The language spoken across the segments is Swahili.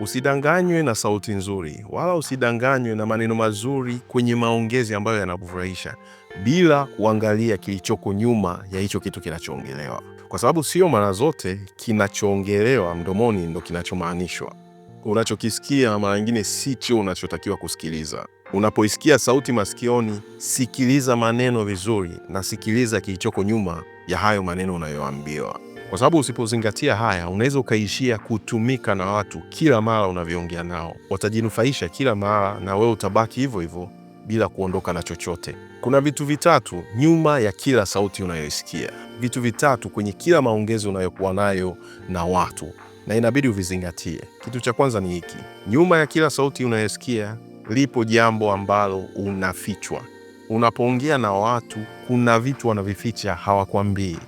Usidanganywe na sauti nzuri, wala usidanganywe na maneno mazuri kwenye maongezi ambayo yanakufurahisha, bila kuangalia kilichoko nyuma ya hicho kitu kinachoongelewa, kwa sababu sio mara zote kinachoongelewa mdomoni ndo kinachomaanishwa. Unachokisikia mara nyingine sicho unachotakiwa kusikiliza. Unapoisikia sauti masikioni, sikiliza maneno vizuri na sikiliza kilichoko nyuma ya hayo maneno unayoambiwa kwa sababu usipozingatia haya unaweza ukaishia kutumika na watu kila mara unavyoongea nao, watajinufaisha kila mara na wewe utabaki hivyo hivyo bila kuondoka na chochote. Kuna vitu vitatu nyuma ya kila sauti unayoisikia, vitu vitatu kwenye kila maongezi unayokuwa nayo na watu, na inabidi uvizingatie. Kitu cha kwanza ni hiki: nyuma ya kila sauti unayosikia lipo jambo ambalo unafichwa. Unapoongea na watu, kuna vitu wanavificha, hawakwambii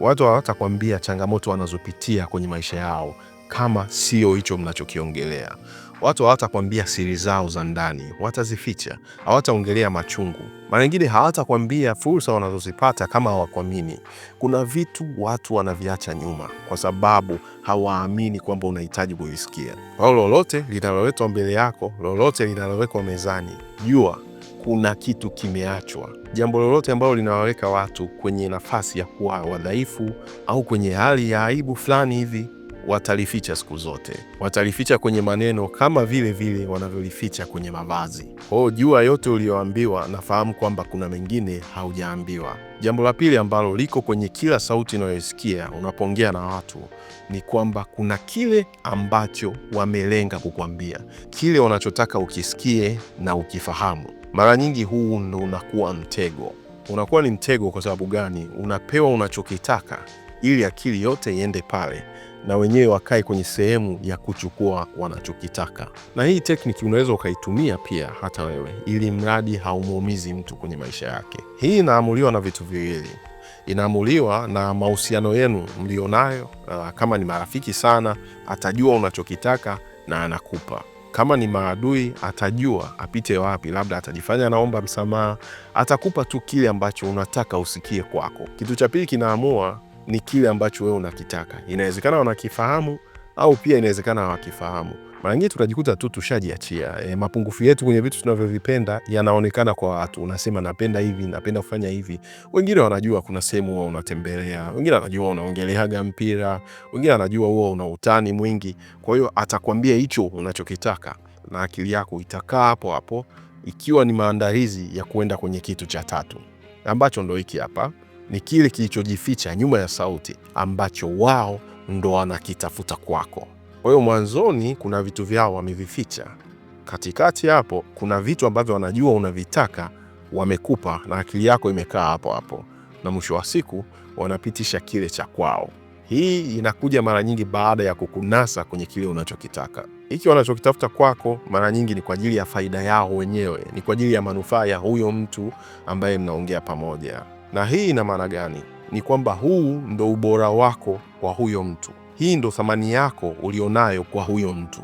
watu hawatakwambia changamoto wanazopitia kwenye maisha yao kama sio hicho mnachokiongelea. Watu hawatakwambia siri zao za ndani, watazificha. Hawataongelea machungu, mara nyingine hawatakwambia fursa wanazozipata kama hawakuamini. Kuna vitu watu wanaviacha nyuma kwa sababu hawaamini kwamba unahitaji kuvisikia. Kwa hiyo lolote linaloletwa mbele yako, lolote linalowekwa mezani, jua kuna kitu kimeachwa. Jambo lolote ambalo linawaweka watu kwenye nafasi ya kuwa wadhaifu au kwenye hali ya aibu fulani hivi watalificha siku zote, watalificha kwenye maneno kama vile vile wanavyolificha kwenye mavazi. Kwao jua yote uliyoambiwa, nafahamu kwamba kuna mengine haujaambiwa. Jambo la pili ambalo liko kwenye kila sauti unayoisikia unapoongea na watu ni kwamba kuna kile ambacho wamelenga kukwambia, kile wanachotaka ukisikie na ukifahamu mara nyingi huu ndo unakuwa mtego. Unakuwa ni mtego kwa sababu gani? Unapewa unachokitaka ili akili yote iende pale na wenyewe wakae kwenye sehemu ya kuchukua wanachokitaka. Na hii tekniki unaweza ukaitumia pia hata wewe, ili mradi haumuumizi mtu kwenye maisha yake. Hii inaamuliwa na vitu viwili, inaamuliwa na mahusiano yenu mlionayo. Uh, kama ni marafiki sana, atajua unachokitaka na anakupa kama ni maadui, atajua apite wapi, labda atajifanya anaomba msamaha, atakupa tu kile ambacho unataka usikie kwako. Kitu cha pili kinaamua ni kile ambacho wewe unakitaka. Inawezekana wanakifahamu au pia inawezekana hawakifahamu mara nyingi tunajikuta tu tushajiachia e, mapungufu yetu kwenye vitu tunavyovipenda yanaonekana kwa watu. Unasema napenda hivi, napenda kufanya hivi. Wengine wanajua kuna sehemu huwa unatembelea, wengine wanajua unaongeleaga mpira, wengine wanajua huwa una utani mwingi. Kwa hiyo atakwambia hicho unachokitaka, na akili yako itakaa hapo hapo, ikiwa ni maandalizi ya kuenda kwenye kitu cha tatu ambacho ndo hiki hapa, ni kile kilichojificha nyuma ya sauti ambacho wao ndo wanakitafuta kwako. Kwa hiyo mwanzoni kuna vitu vyao wamevificha, katikati hapo kuna vitu ambavyo wanajua unavitaka wamekupa, na akili yako imekaa hapo hapo, na mwisho wa siku wanapitisha kile cha kwao. Hii inakuja mara nyingi baada ya kukunasa kwenye kile unachokitaka. Hiki wanachokitafuta kwako mara nyingi ni kwa ajili ya faida yao wenyewe, ni kwa ajili ya manufaa ya huyo mtu ambaye mnaongea pamoja. Na hii ina maana gani? ni kwamba huu ndo ubora wako kwa huyo mtu, hii ndo thamani yako ulionayo kwa huyo mtu,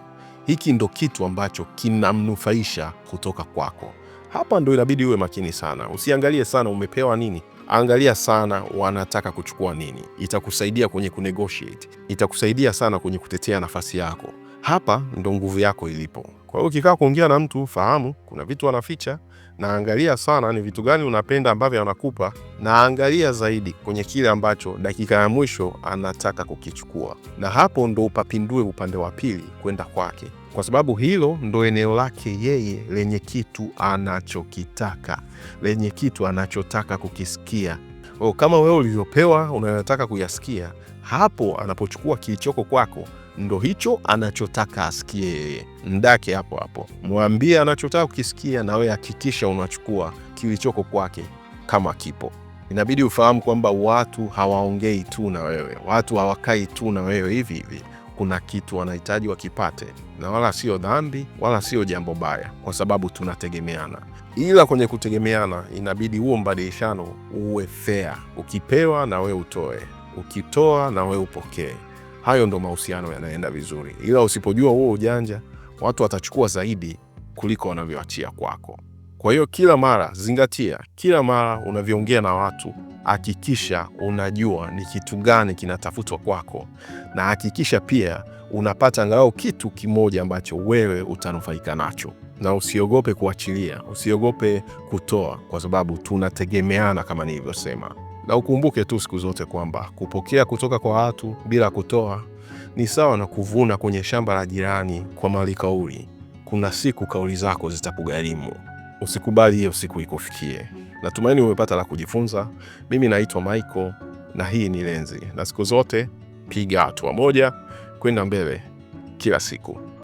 hiki ndo kitu ambacho kinamnufaisha kutoka kwako. Hapa ndo inabidi uwe makini sana, usiangalie sana umepewa nini, angalia sana wanataka kuchukua nini. Itakusaidia kwenye kunegotiate, itakusaidia sana kwenye kutetea nafasi yako. Hapa ndo nguvu yako ilipo. Kwa hiyo ukikaa kuongea na mtu, fahamu kuna vitu anaficha, na angalia sana ni vitu gani unapenda ambavyo anakupa, na angalia zaidi kwenye kile ambacho dakika ya mwisho anataka kukichukua, na hapo ndo upapindue upande wa pili kwenda kwake, kwa sababu hilo ndo eneo lake yeye lenye kitu anachokitaka, lenye kitu anachotaka kukisikia. O, oh, kama wewe ulivyopewa unayotaka kuyasikia, hapo anapochukua kilichoko kwako ndo hicho anachotaka asikie yeye. Mdake hapo hapo, mwambie anachotaka kukisikia, na wewe hakikisha unachukua kilichoko kwake kama kipo. Inabidi ufahamu kwamba watu hawaongei tu na wewe, watu hawakai tu na wewe hivi hivi. Kuna kitu wanahitaji wakipate, na wala sio dhambi wala sio jambo baya, kwa sababu tunategemeana. Ila kwenye kutegemeana, inabidi huo mbadilishano uwe fair. Ukipewa na wewe utoe, ukitoa na wewe upokee. Hayo ndo mahusiano yanaenda vizuri, ila usipojua huo ujanja, watu watachukua zaidi kuliko wanavyoachia kwako. Kwa hiyo kila mara zingatia, kila mara unavyoongea na watu hakikisha unajua ni kitu gani kinatafutwa kwako, na hakikisha pia unapata angalau kitu kimoja ambacho wewe utanufaika nacho, na usiogope kuachilia, usiogope kutoa, kwa sababu tunategemeana kama nilivyosema. Na ukumbuke tu siku zote kwamba kupokea kutoka kwa watu bila kutoa ni sawa na kuvuna kwenye shamba la jirani kwa mali kauli. Kuna siku kauli zako zitakugharimu. Usikubali hiyo siku ikufikie. Natumaini umepata la kujifunza. Mimi naitwa Michael na hii ni Lenzi, na siku zote piga hatua moja kwenda mbele kila siku.